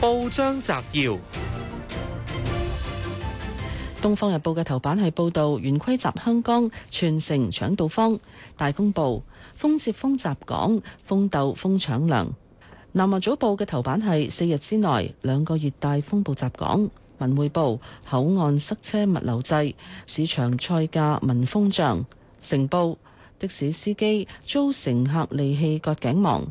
報章摘要：《東方日報》嘅頭版係報道圓規襲香港，全城搶道方；大公報風接風襲港，風鬥風搶糧。《南華早報》嘅頭版係四日之內兩個熱帶風暴襲港，文匯報口岸塞車物流滯，市場菜價聞風漲。《成報》的士司機遭乘客利器割頸亡。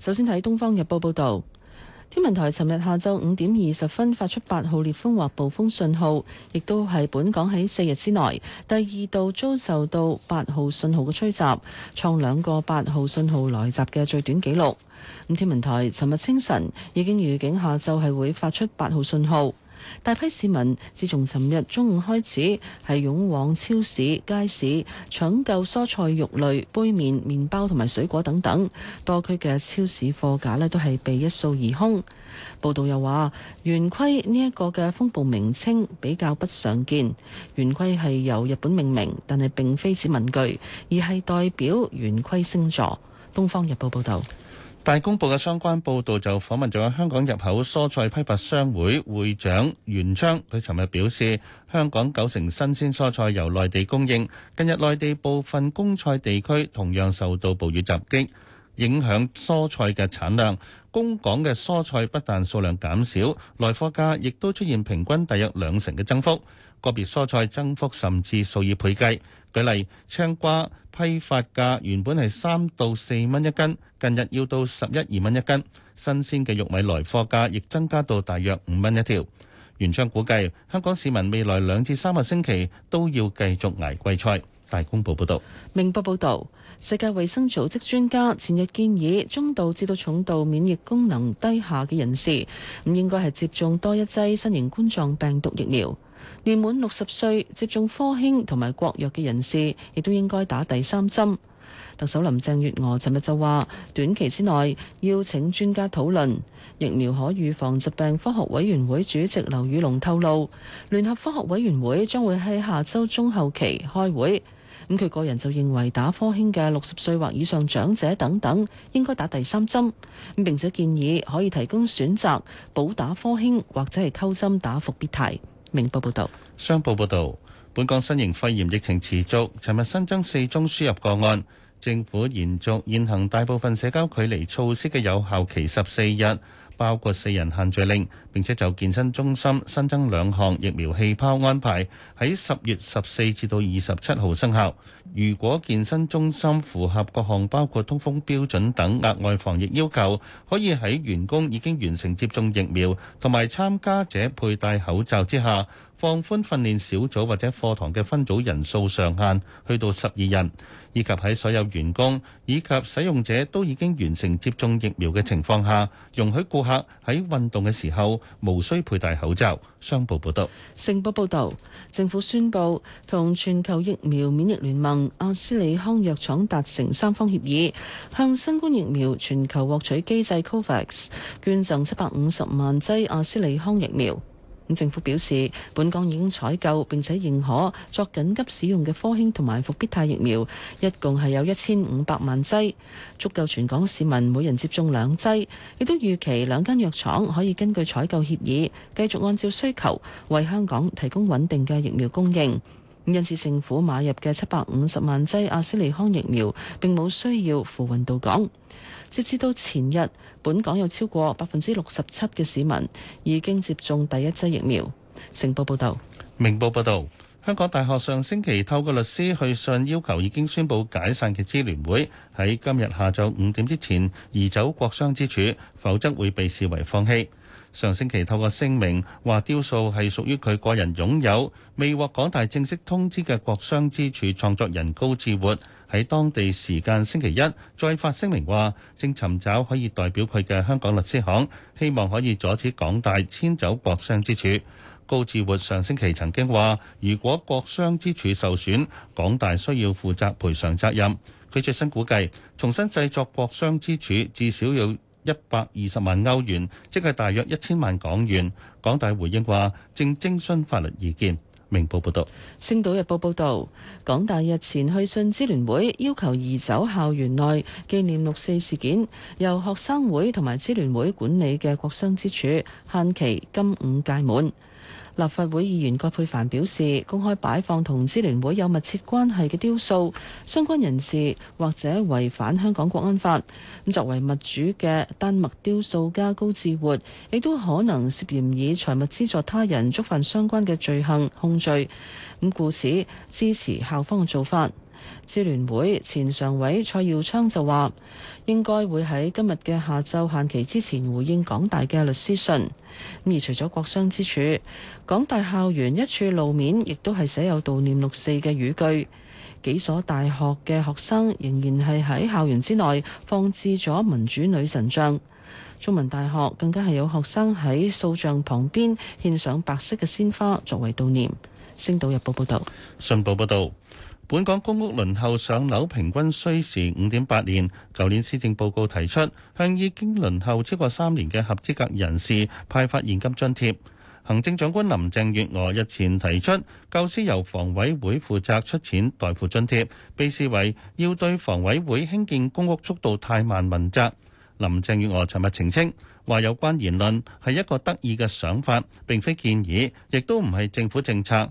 首先睇《東方日報》報道，天文台尋日下晝五點二十分發出八號烈風或暴風信號，亦都係本港喺四日之內第二度遭受到八號信號嘅吹襲，創兩個八號信號來襲嘅最短紀錄。咁天文台尋日清晨已經預警，下晝係會發出八號信號。大批市民自從尋日中午開始係湧往超市、街市搶購蔬菜、肉類、杯麵、麵包同埋水果等等，多區嘅超市貨架呢都係被一掃而空。報道又話，圓規呢一個嘅風暴名稱比較不常見，圓規係由日本命名，但係並非指文具，而係代表圓規星座。《東方日報》報道。大公報嘅相關報導就訪問咗香港入口蔬菜批發商會會長袁昌，佢尋日表示，香港九成新鮮蔬菜由內地供應。近日內地部分供菜地區同樣受到暴雨襲擊，影響蔬菜嘅產量。供港嘅蔬菜不但數量減少，來貨價亦都出現平均大約兩成嘅增幅。個別蔬菜增幅甚至數以倍計，舉例，青瓜批發價原本係三到四蚊一斤，近日要到十一二蚊一斤。新鮮嘅玉米來貨價亦增加到大約五蚊一條。原昌估計香港市民未來兩至三個星期都要繼續捱貴菜。大公報報道。明報報道，世界衛生組織專家前日建議中度至到重度免疫功能低下嘅人士唔應該係接種多一劑新型冠狀病毒疫苗。年滿六十歲接種科興同埋國藥嘅人士，亦都應該打第三針。特首林鄭月娥尋日就話：短期之內要請專家討論，疫苗可預防疾病科學委員會主席劉宇龍透露，聯合科學委員會將會喺下周中後期開會。咁佢個人就認為打科興嘅六十歲或以上長者等等應該打第三針咁，並且建議可以提供選擇，補打科興或者係溝針打復必泰。明報報道，商報報道，本港新型肺炎疫情持續，尋日新增四宗輸入個案，政府延續現行大部分社交距離措施嘅有效期十四日。包括四人限聚令，並且就健身中心新增兩項疫苗氣泡安排，喺十月十四至到二十七號生效。如果健身中心符合各項包括通風標準等額外防疫要求，可以喺員工已經完成接種疫苗同埋參加者佩戴口罩之下，放寬訓練小組或者課堂嘅分組人數上限，去到十二人，以及喺所有員工以及使用者都已經完成接種疫苗嘅情況下，容許顧客喺運動嘅時候無需佩戴口罩。商報報道，星報報道：政府宣布同全球疫苗免疫聯盟阿斯利康藥廠達成三方協議，向新冠疫苗全球獲取機制 COVAX 捐贈七百五十萬劑阿斯利康疫苗。政府表示，本港已經採購並且認可作緊急使用嘅科興同埋復必泰疫苗，一共係有一千五百萬劑，足夠全港市民每人接種兩劑。亦都預期兩間藥廠可以根據採購協議，繼續按照需求為香港提供穩定嘅疫苗供應。因此政府買入嘅七百五十萬劑阿斯利康疫苗並冇需要扶運到港。直至到前日，本港有超過百分之六十七嘅市民已經接種第一劑疫苗。成報報道，明報報道，香港大學上星期透過律師去信要求已經宣布解散嘅支聯會喺今日下晝五點之前移走國殤之柱，否則會被視為放棄。上星期透過聲明話雕塑係屬於佢個人擁有，未獲港大正式通知嘅國殤之柱創作人高志活喺當地時間星期一再發聲明話，正尋找可以代表佢嘅香港律師行，希望可以阻止港大遷走國殤之柱。高志活上星期曾經話，如果國殤之柱受損，港大需要負責賠償責任。佢最新估計，重新製作國殤之柱至少要。一百二十萬歐元，即係大約一千萬港元。港大回應話，正徵詢法律意見。明報報道。《星島日報》報道，港大日前去信支聯會，要求移走校園內紀念六四事件由學生會同埋支聯會管理嘅國殤之柱，限期今午屆滿。立法會議員葛珮帆表示，公開擺放同支聯會有密切關係嘅雕塑，相關人士或者違反香港國安法。咁作為物主嘅丹麥雕塑家高志活，亦都可能涉嫌以財物資助他人觸犯相關嘅罪行控罪。咁故此支持校方嘅做法。支聯會前常委蔡耀昌就話：應該會喺今日嘅下晝限期之前回應港大嘅律師信。而除咗國殤之柱，港大校園一處路面亦都係寫有悼念六四嘅語句。幾所大學嘅學生仍然係喺校園之內放置咗民主女神像。中文大學更加係有學生喺塑像旁邊獻上白色嘅鮮花作為悼念。星島日報報道。信報報導。本港公屋輪候上樓平均需時五點八年。舊年施政報告提出，向已經輪候超過三年嘅合資格人士派發現金津貼。行政長官林鄭月娥日前提出，教師由房委會負責出錢代付津貼，被視為要對房委會興建公屋速度太慢問責。林鄭月娥尋日澄清，話有關言論係一個得意嘅想法，並非建議，亦都唔係政府政策。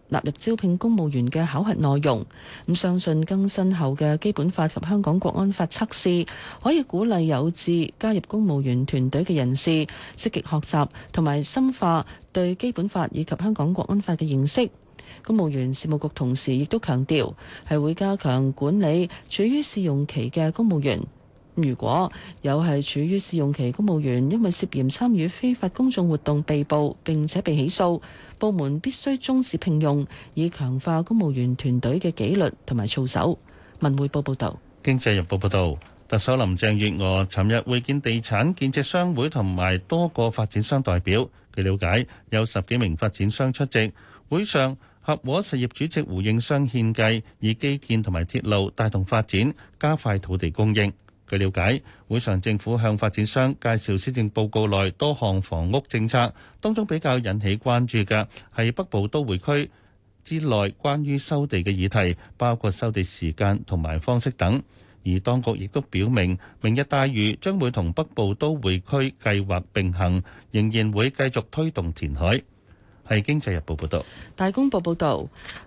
納入招聘公務員嘅考核內容，咁相信更新後嘅基本法及香港國安法測試，可以鼓勵有志加入公務員團隊嘅人士積極學習同埋深化對基本法以及香港國安法嘅認識。公務員事務局同時亦都強調，係會加強管理處於試用期嘅公務員。如果有係處於試用期公務員因為涉嫌參與非法公眾活動被捕並且被起訴，部門必須終止聘用，以強化公務員團隊嘅紀律同埋操守。文匯報報道。經濟日報報道，特首林鄭月娥尋日會見地產建設商會同埋多個發展商代表。據了解，有十幾名發展商出席。會上，合和實業主席胡應湘獻計，以基建同埋鐵路帶動發展，加快土地供應。據了解，會上政府向發展商介紹施政報告內多項房屋政策，當中比較引起關注嘅係北部都會區之內關於收地嘅議題，包括收地時間同埋方式等。而當局亦都表明，明日大嶼將會同北部都會區計劃並行，仍然會繼續推動填海。係《經濟日報》報導，《大公報》報導，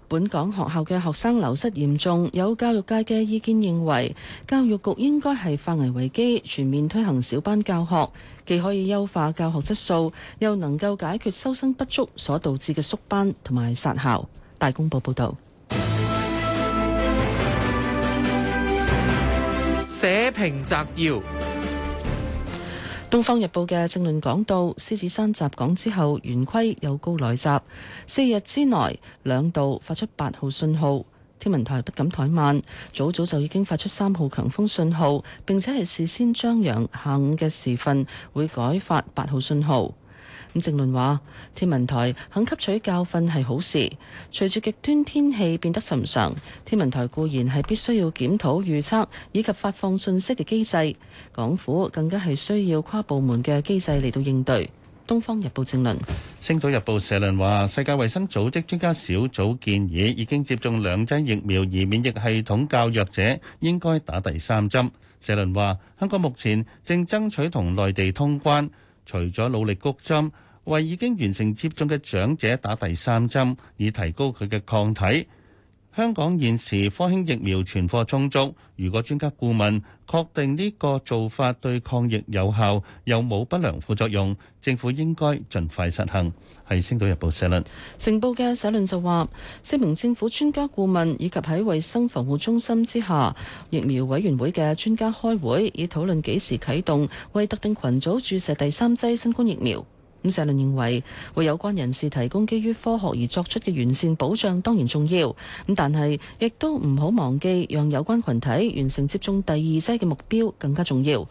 本港學校嘅學生流失嚴重，有教育界嘅意見認為，教育局應該係化危為機，全面推行小班教學，既可以優化教學質素，又能夠解決收生不足所導致嘅縮班同埋殺校。《大公報，報道》報導。社評摘要。《東方日報》嘅政論講到，獅子山襲港之後，圓規有高來襲，四日之內兩度發出八號信號。天文台不敢怠慢，早早就已經發出三號強風信號，並且係事先張揚下午嘅時分會改發八號信號。正論話，天文台肯吸取教訓係好事。隨住極端天氣變得尋常，天文台固然係必須要檢討預測以及發放信息嘅機制，港府更加係需要跨部門嘅機制嚟到應對。東方日報正論，星島日報社論話，世界衛生組織專家小組建議，已經接種兩劑疫苗而免疫系統較弱者應該打第三針。社論話，香港目前正爭取同內地通關。除咗努力谷針，為已經完成接種嘅長者打第三針，以提高佢嘅抗體。香港現時科興疫苗存貨充足，如果專家顧問確定呢個做法對抗疫有效，又冇不良副作用，政府應該盡快實行。係星島日報社論。成報嘅社論就話：四名政府專家顧問以及喺衞生防護中心之下疫苗委員會嘅專家開會，以討論幾時啟動為特定群組注射第三劑新冠疫苗。社論認為，為有關人士提供基於科學而作出嘅完善保障當然重要，咁但係亦都唔好忘記，讓有關群體完成接種第二劑嘅目標更加重要。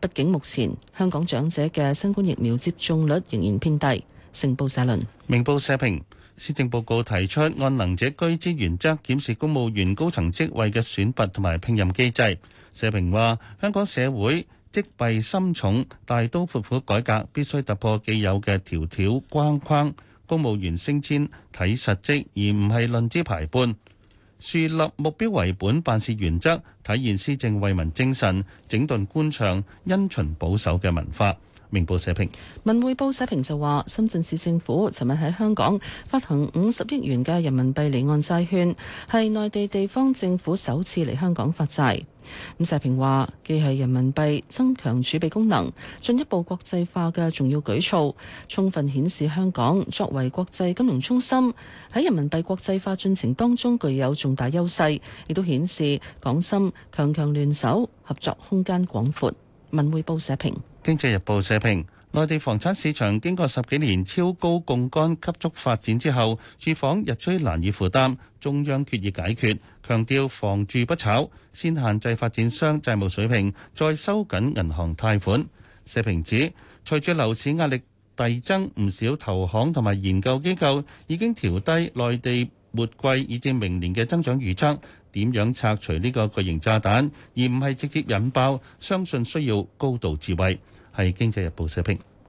畢竟目前香港長者嘅新冠疫苗接種率仍然偏低。成報社論，明報社評，施政報告提出按能者居之原則檢視公務員高層職位嘅選拔同埋聘任機制。社評話，香港社會。積弊深重，大刀闊斧改革必須突破既有嘅條條框框。公務員升遷睇實績，而唔係論資排輩，樹立目標為本辦事原則，體現施政為民精神，整頓官場，因循保守嘅文化。明報社評，文匯報社評就話，深圳市政府尋日喺香港發行五十億元嘅人民幣離岸債券，係內地地方政府首次嚟香港發債。咁社評話，既係人民幣增強儲備功能、進一步國際化嘅重要舉措，充分顯示香港作為國際金融中心喺人民幣國際化進程當中具有重大優勢，亦都顯示港深強強聯手合作空間廣闊。文匯報社評，經濟日報社評。內地房產市場經過十幾年超高槓桿急速發展之後，住房日趨難以負擔，中央決意解決，強調房住不炒，先限制發展商債務水平，再收緊銀行貸款。社評指，隨住樓市壓力遞增，唔少投行同埋研究機構已經調低內地末季以至明年嘅增長預測。點樣拆除呢個巨型炸彈，而唔係直接引爆，相信需要高度智慧。係《經濟日報》社評。S